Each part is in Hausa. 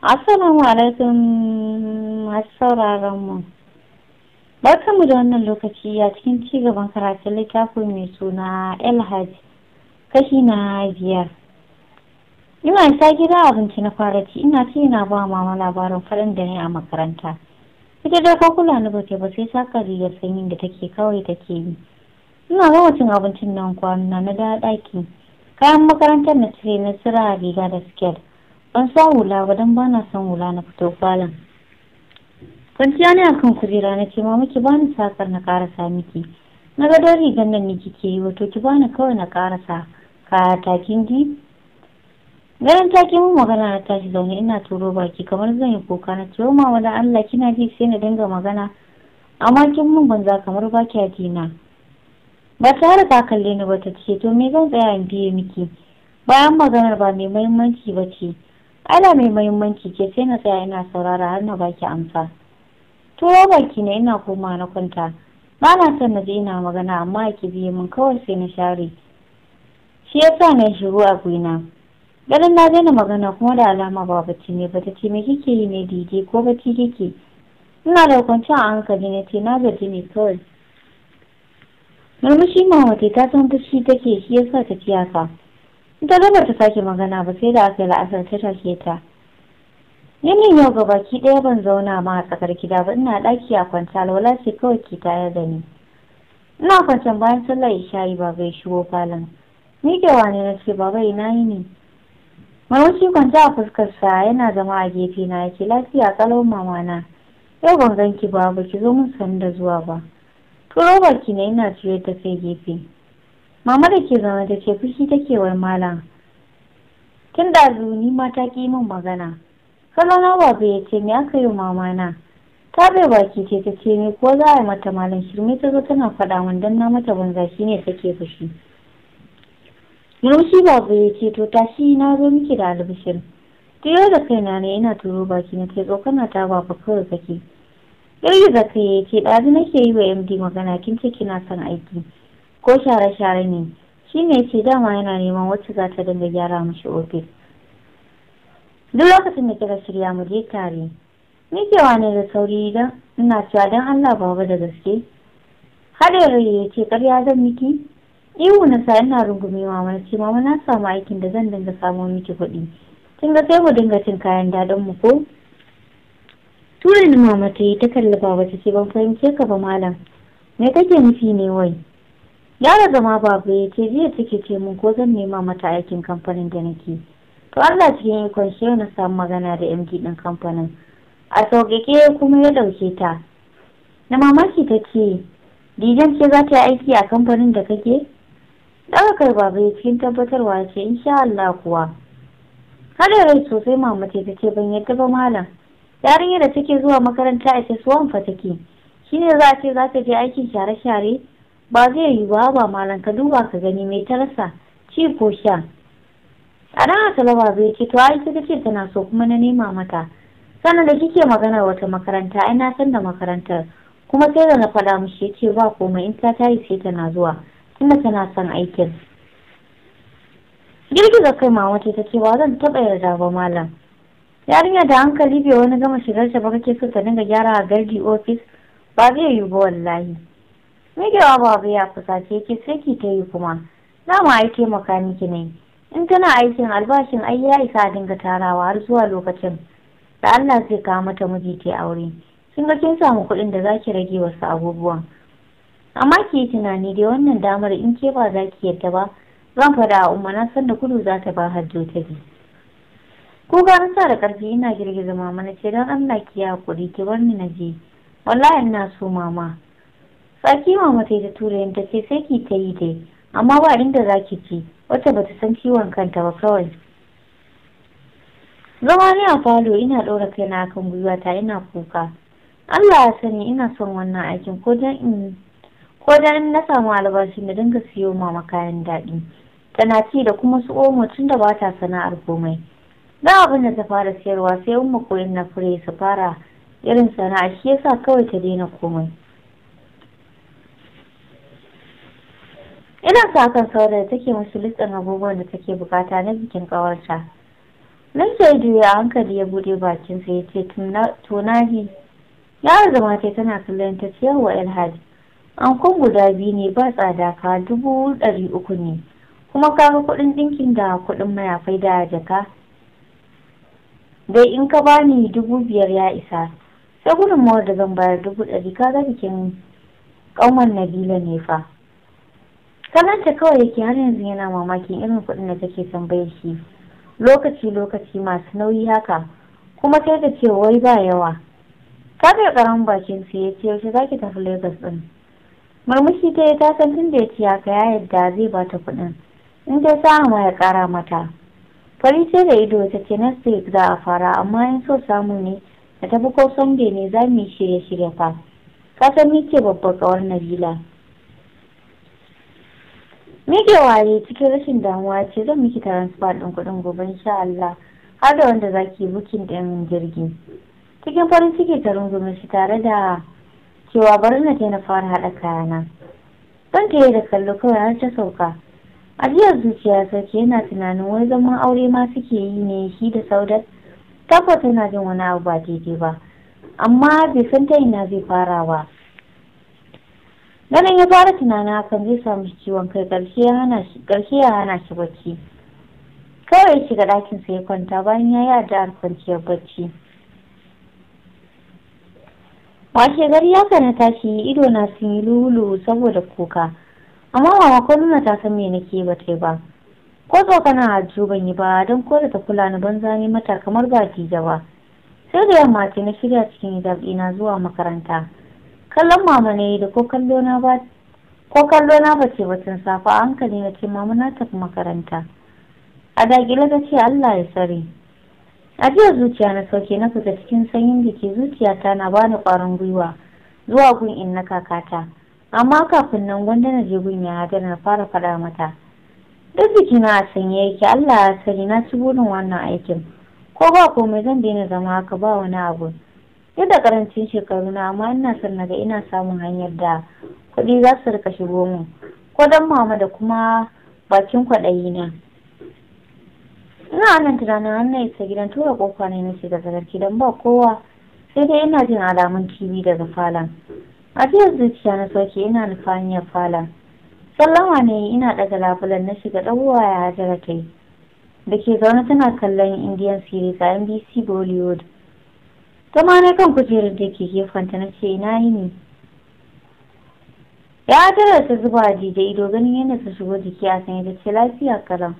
Assalamu alaikum masu sauraron mu. Barkanmu da wannan lokaci a cikin ci gaban karatun littafin mai suna Elhaj kashi na biyar. Ina sa gida abinci na fara ci ina ci ina ba mama labarin farin da ne a makaranta. Ita da ko kula ni ba ba sai saka rigar sanyin da take kawai take yi. Ina ga cin abincin nan kwanuna na da ɗaki. Kayan makarantar na cire na tsira riga da siket. ban san hula ba don ba na son hula na fito falon kwanciya ne akan kujera na ce ma, ba bani sakar na karasa miki na ga don rigar nan ni kike yi wato ki bani kawai na karasa kaya takin ji ganin takin mun magana na tashi zaune ina turo baki kamar zan yi kuka na ce oh, ma wani allah kina ji sai na dinga magana amma kin mun banza kamar ba kya dina ba tare ka kalle ni ba ta ce to me zan tsaya in biye miki bayan maganar ba mai mahimmanci ba ce ala mai mahimmanci ke sai na tsaya ina saurara har na baki amsa turo baki na ina koma na kwanta ba na son na je ina magana amma ki biye min kawai sai na share shi ya sa na shiru a gwina. ganin na daina magana kuma da alama ba bacci ne bata ce me kike yi ne dide ko bacci kike ina da a hankali na ce na gaji ne kawai murmushi mamate ta san fushi take shi ya sa ta haka ita zama ta sake magana ba sai da aka yi la'asar ta take ta yanayin yau ga baki ɗaya ban zauna ma a tsakar gida ba ina ɗaki a kwanta lola sai kawai ki tayar da ni ina kwancan bayan sallar yi, ba bai shigo falon ni da wane na ce baba ina yi ne mawuci kwanta a fuskar sa yana zama a gefe na yake lafiya kalau mama na yau ban ganki ba ba ki zo mun sanda zuwa ba turo baki na ina ciyar ta kai gefe mama da ke zaune da ce fushi take wa malam tun da ni mata ta ki min magana kalona babu ya ce me aka yi mama na ta bai baki ce ta ce ni, ko za a yi mata malam shirme ta zo tana faɗa min dan na mata banza shine take fushi Murmushi babu ya ce to tashi na zo miki da albishir. Tiyo da kaina ne ina turo baki na ce tsokana ta ba fa kawai kake. Yau da kai ya ce ɗazu nake yi wa MD magana kin ce kina son aiki. ko share-share ne shi ne ce dama yana neman wacce za ta dinga gyara mashi ofis duk lokacin da kira shirya mu je tare kewa ne da sauri idan ina cewa don allah baba da gaske har ya ce karya zan miki ihu na sa ina rungume mama ce mama na samu aikin da zan dinga samo miki kuɗi kin ga sai mu dinga cin kayan daɗin mu ko Turin ni mama ta yi ta kalli baba ta ce ban fahimce ka ba malam me kake nufi ne wai Gyara zama Baba babu ya ce jiya take ce min ko zan nema mata aikin kamfanin da nake to Allah cikin ikon shi na samu magana da MD din kamfanin a sauƙaƙe kuma ya ɗauke ta na mamaki ta ce dijan ce za ta yi aiki a kamfanin da kake daga kai babu ya cikin tabbatarwa ya ce insha Allah kuwa hada rai sosai mama ce ta ce ban yadda ba malam yarinya da take zuwa makaranta a ce suwan fa take shine za a ce za ta je aikin share-share ba zai yi ba ba malam ka duba ka gani mai ta rasa ci ko sha a haka lawa zai ce to ai ta ce tana so kuma na nema mata sannan da kike magana wata makaranta ai na san da makarantar kuma sai da na faɗa mishi yace ba komai in ta tayi sai tana zuwa tunda tana son aikin girgiza kai mama ce ta ce ba zan taɓa yarda ba malam yarinya da hankali bai wani gama shigar ta ba kake so ta dinga gyara a gardi ofis ba zai yiwu ba wallahi wa babu ya fusace ki sai ki ta yi kuma. Za mu ai makaniki ne. In tana aikin albashin ai ya isa dinga tarawa har zuwa lokacin. Da Allah zai kawo mata miji ta aure. Kin ga kin samu kuɗin da za ki rage wasu abubuwan. Amma ki yi tunani da wannan damar in ke ba za ki yadda ba. Zan faɗa a umma na san da kudu za ta ba har ta bi. ga an sa da ƙarfi ina girgiza mama na ce don Allah ki ya haƙuri ki bar ni na je. Wallahi ina so mama. tsaki mama mata ta tura yin ta ce sai ki ta yi dai amma ba inda za ki ci wacce bata san ciwon kanta ba kawai zama ni a falo ina ɗora kaina akan gwiwa ta ina kuka Allah ya sani ina son wannan aikin ko dan in ko dan na samu albashi na dinga siyo mama kayan daɗi tana ci da kuma su omo tun da ba sana'ar komai da abin da ta fara siyarwa sai umma koyin na fure su fara irin sana'a shi yasa kawai ta daina komai ina sa kan saura da take musu listin abubuwan da take bukata na bikin ƙawarta nan sai juya a hankali ya bude bakin sa ya ce tunani. ya zama ce tana kallon ta ce yawa alhaji an kun guda biyu ne ba tsada ka dubu ɗari uku ne kuma ka ga kuɗin ɗinkin da kuɗin mayafai da jaka dai in ka bani dubu biyar ya isa sai gudunmawar da zan bayar dubu ɗari ka kaga bikin ƙanwar nabila ne fa kallonta kawai yake har yanzu yana mamakin irin kuɗin da take tambayar shi lokaci lokaci masu nauyi haka kuma sai da ce wai ba yawa ta bai karamin bakin su ya ce yaushe za ki tafi lagos ɗin murmushi ta yi tasan tun da ya ce haka ya yadda zai ba ta kuɗin in ta ma ya ƙara mata fari sai da ido ta ce next week za a fara amma in so samu ne da tafi ko sunday ne za mu yi shirye-shirye fa ka san ni ke babbar ƙawar nabila Mike waye cikin rashin damuwa ce zan miki transfer ɗin kuɗin gobe insha Allah har da wanda za zaki bukin ɗin jirgi. Cikin farin ciki ta rungume shi tare da cewa bari na ta na fara haɗa kayana. Don ta da kallo kawai har ta sauka. A Ajiyar zuciya sarki yana tunanin wani zaman aure ma suke yi ne shi da Saudat. Tabbata tana jin wani abu ba daidai ba. Amma bai san ta ina zai fara ba. ganin ya fara tunanin hakan zai samu ciwon kai ƙarshe ya hana shi bacci kawai ya shiga ɗakin sa ya kwanta bayan ya yi addu'ar kwanciyar bacci washe gari ya kana tashi ido na sun yi lulu saboda kuka amma mama ko nuna ta san me nake ba ta ba ko na ajiyo ban yi ba don ko ta kula ni banza ne mata kamar ba ba sai da yamma ce na shirya cikin hijab zuwa makaranta kallon mama ne da ko kallo na ba ko ce batun safa a hankali na ce mama na tafi makaranta a dagila ta ce Allah ya sare a jiya zuciya na sauke na fita cikin sanyin jiki zuciyata na bani ƙwarin gwiwa zuwa gun in na kakata amma kafin nan gwanda na je gun ya hada na fara faɗa mata duk jikina a sanye yake Allah ya tsari na ci burin wannan aikin ko ba komai zan daina zama haka ba wani abu duk da karancin shekaru na amma ina son naga ina samun hanyar da kuɗi za su rika shigo mu ko don mama da kuma bakin kwaɗayi na ina wannan tunanin an na isa gidan tura kofa ne na shiga tsakar don ba kowa sai dai ina jin alamun tv daga falon a jiya zuciya na sauke ina nufaniyar falon sallama ne ina daga labulan na shiga ɗabuwa ya hajara kai da ke zaune tana kallon indian series a nbc bollywood zama na kan kujerar da ke gefenta na ce ina yi ne ya tara ta zuba a jije ido ganin yadda ta shigo jiki a sanya da ce lafiya karam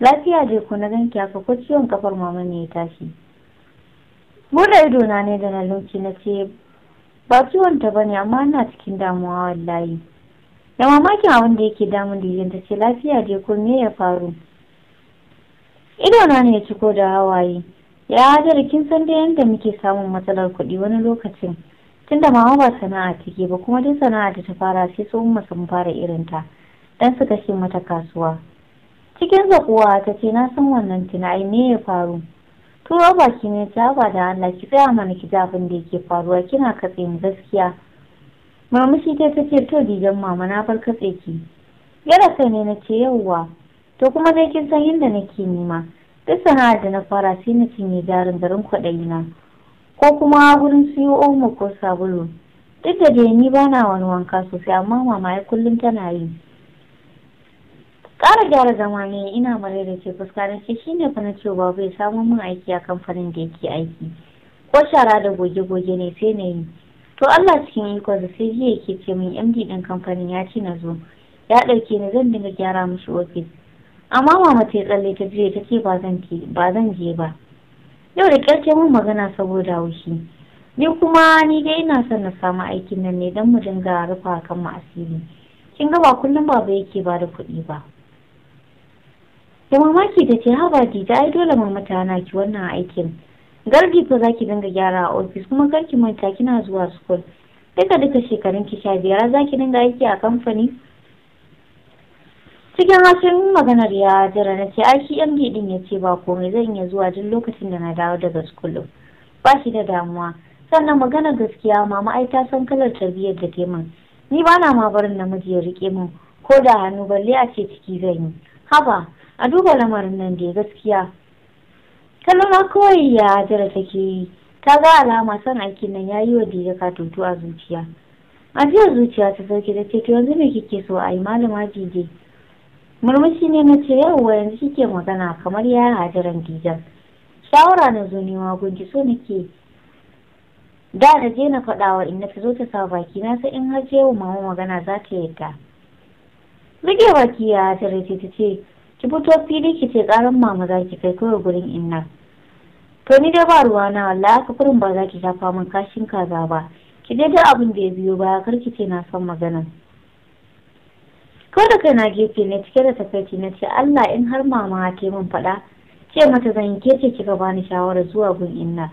lafiya dai ku na ganki haka ko ciwon kafar mama ne ya tashi buɗe ido na ne da na lunci na ce ba ciwon ta bane amma ina cikin damuwa wallahi da mamakin abin da yake damun dijin ta ce lafiya dai ko me ya faru ido na ne ya ciko da hawaye ya hajara kin san da yadda muke samun matsalar kuɗi wani lokacin tunda mama ba sana'a take ba kuma duk sana'a da ta fara sai su umma sun fara irin ta dan su kashe mata kasuwa cikin zakuwa ta ce na san wannan tunai me ya faru turo baki ne ta ba da Allah ki tsaya mana ki abin da yake faruwa kina katse mu gaskiya murmushi ta ce to dijan mama na bar katse ki yara sai ne na ce yauwa to kuma dai kin san yadda nake nema duk sana'ar da na fara sai na cinye jarin garin kwaɗayi na ko kuma wurin siyo omo ko sabulu duk da dai ni ba na wani wanka sosai amma mama ya kullum tana yi ƙara gyara zama ne ina mare da ke fuska na ce shine fa na ce babu ya samu min aiki a kamfanin da yake aiki ko shara da goge-goge ne sai na yi to Allah cikin iko da sai jiya ke ce min MD ɗin kamfanin ya ci na zo ya ɗauke ni zan dinga gyara musu ofis amma mama ta tsalle ta jiya ta ce ba zan ke ba zan je ba yau da kyarce mun magana saboda haushi ni kuma ni dai ina son na samu aikin nan ne don mu dinga rufa kan mu asiri kin ga ba kullum baba yake ba da kuɗi ba da mamaki da ce haba ta ai dole mama ta hana ki wannan aikin Garbi fa zaki dinga gyara a ofis kuma garki manta kina zuwa school duka duka shekarun ki sha biyar zaki dinga aiki a kamfani cikin hasken maganar ya jira na ce aiki yan din ya ce ba komai zan iya zuwa duk lokacin da na dawo daga skulun ba shi da damuwa sannan maganar gaskiya ma ai ta san kalar tarbiyyar da ke min ni ba na ma barin namiji ya rike min ko da hannu balle a ce ciki zan yi haba a duba lamarin nan da gaskiya kalma kawai ya jira take yi ta ga alama son aikin nan ya yi wa dija katutu a zuciya a jiya zuciya ta sauke da ce to yanzu me kike so a yi malama murmushi ne na ce yau wayan yanzu kike magana kamar ya hajiran dijan shawara na zo nema gunki so nake da na je na faɗa wa inna ta zo ta sa baki na sai in har wa mama magana za ta yadda rike baki ya hajira ce ta ce ki fito fili ki ce ƙaran mama za ki kai kawai gurin inna to ni dai ba ruwa na wallahi haka kurin ba za ki shafa min kashin kaza ba ki dai abin da ya biyo baya kar ki ce na san maganan ko da kai na gefe ne cike da takaici na ce Allah in har mama ke min faɗa ce mata zan yi ce kika bani shawarar zuwa gun inna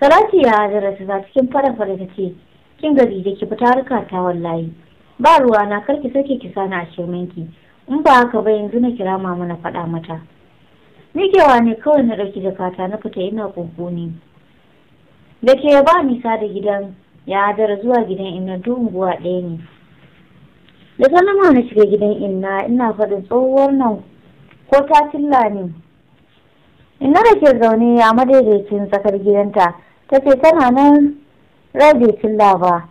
Salati ya hajara ta za cikin fara fara ta ce kin gari da ki fita harka ta wallahi ba ruwa na kar ki sake ki sani a shirminki in ba haka ba yanzu na kira mama na faɗa mata Mikewa ne kawai na ɗauki jakata na fita ina ne. Da ke ba nisa da gidan ya hadar zuwa gidan ina dunguwa ɗaya ne. da nama na shiga gidan inna ina faɗin tsohuwar nan ko ta cilla ne inna da ke zaune a madaidaicin tsakar gidanta ta ce tana nan rabe cilla ba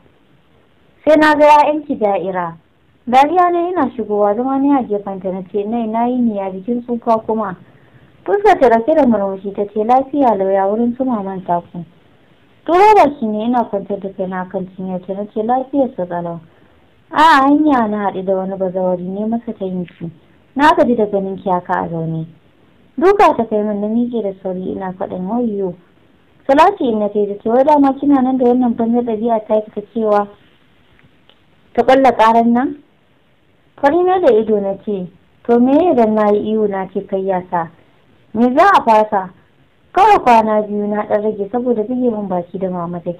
sai na ga ki da'ira dariya ne ina shigowa zama ne a gefenta na ce nai na yi niya jikin tsufa kuma fuska ta rake da murmushi ta ce lafiya lauya wurin tuma man taku turo shi ne ina kwantar da kaina na kan cinyar ta na ce lafiyar su tsalau a hanya na haɗu da wani bazawari ne masa ta yinki na gaji da ganin ki haka a zaune duka ta kai min na miƙe da sauri ina faɗin wayo salati in na kai da cewa dama kina nan da wannan banzar ɗabi'a ta ta cewa ta ƙwalla ƙaran nan na da ido na ce to me dan na yi iyo na ce kai yasa me za a fasa kawai kwana biyu na ɗan rage saboda yi min baki da mama ta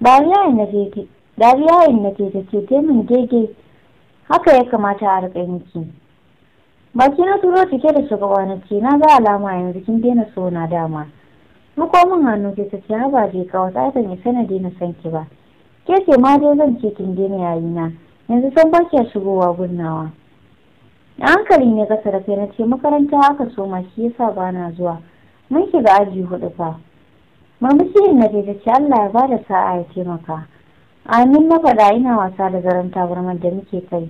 ba ya na dariya yin nake da ke min gege haka ya kamata a riƙa baki na turo cike da shugaba na ce na ga alama yanzu kin daina so na dama muko hannu ke ta ce haba je ka wata ban yi sanadi na san ki ba ke ce ma dai zan ce kin daina yayi na yanzu san ba a shigowa gurnawa. na hankali ne kasa da kai na ce makaranta haka so ma shi yasa ba na zuwa mun shiga aji hudu fa murmushi na ke ta ce Allah ya ba da sa'a ya taimaka amin na faɗa ina wasa da zaren tabarmar da muke kai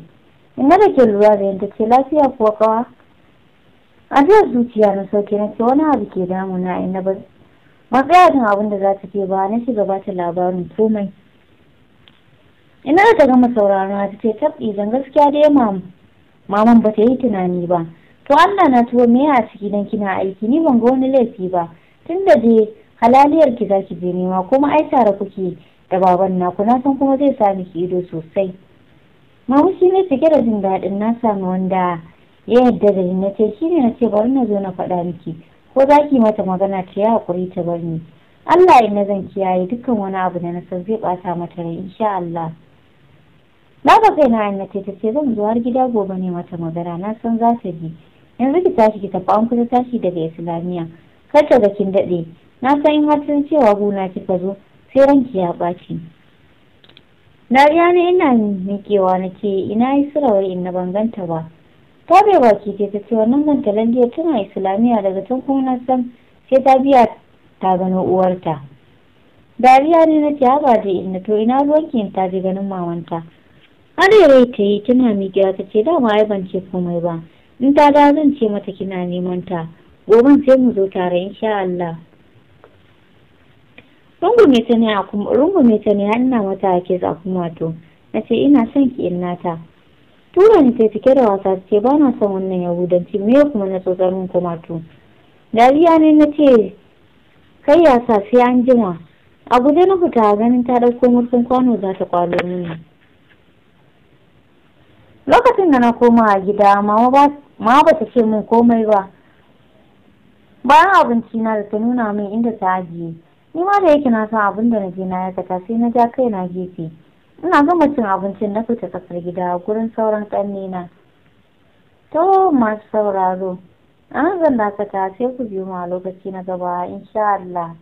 ina da ke lura da yadda ce lafiya ko kawa a jiyar zuciya na sauke na ce wani abu ke damuna ina ba matsaya tun abin da za ta ke ba na shiga ba ta labarin komai ina da ta gama sauraron ta ce tabbi don gaskiya da mamu maman ba ta yi tunani ba to Allah na tuwo me a ciki dan kina aiki ni ban ga wani laifi ba tunda dai halaliyar ki za ki je nema kuma ai tare kuke da baban naku na san kuma zai sa miki ido sosai mamaki ne cike da jin daɗin na sami wanda ya yadda da ni na ce shi ne na ce bari na zo na faɗa miki ko za ki mata magana ta yi haƙuri ta bar ni Allah ya na zan kiyaye dukkan wani abu da na san zai ɓata mata rai insha Allah na ga kai na ce ta ce zan zo har gida gobe ne mata magana na san za ta bi yanzu ki tashi ki tafi an kusa tashi daga islamiyya kar ta ga kin daɗe na san in har cewa gona kika zo sai ranki ya ɓaci na riya ne ina miƙewa na ce ina yi sirawar ina ban ganta ba ta bai baki ce ta ce wannan ganta landiyar tana islamiyya daga tun kuma san sai ta biya ta gano uwarta dariya ne na ce haba da ina to ina ruwanki in ta je ganin mamanta arere ta yi tana miƙewa ta ce dama ai ban ce komai ba in ta da zan ce mata kina neman ta gobe sai mu zo tare insha Allah rungume ta ne a kuma rungume ta ne hannu mata ake za kuma to na ce ina son ki in nata tura ni ta cike da wasa ce ba na son wannan yahudanci me kuma na tsotsar min kuma to dariya ne na ce kai ya sa sai an jima a guje na fita ganin ta ɗauko murfin kwano za ta kwalo mini lokacin da na koma a gida ma ba ta ce min komai ba bayan abinci na da ta nuna min inda ta ajiye ni ma da yake na san abin da na je na aikata sai na ja kai na gefe ina gama cin abincin na fita tsakar gida gurin sauran ƙannena to masu sauraro a zan dakata sai ku biyo mu a lokaci na gaba insha Allah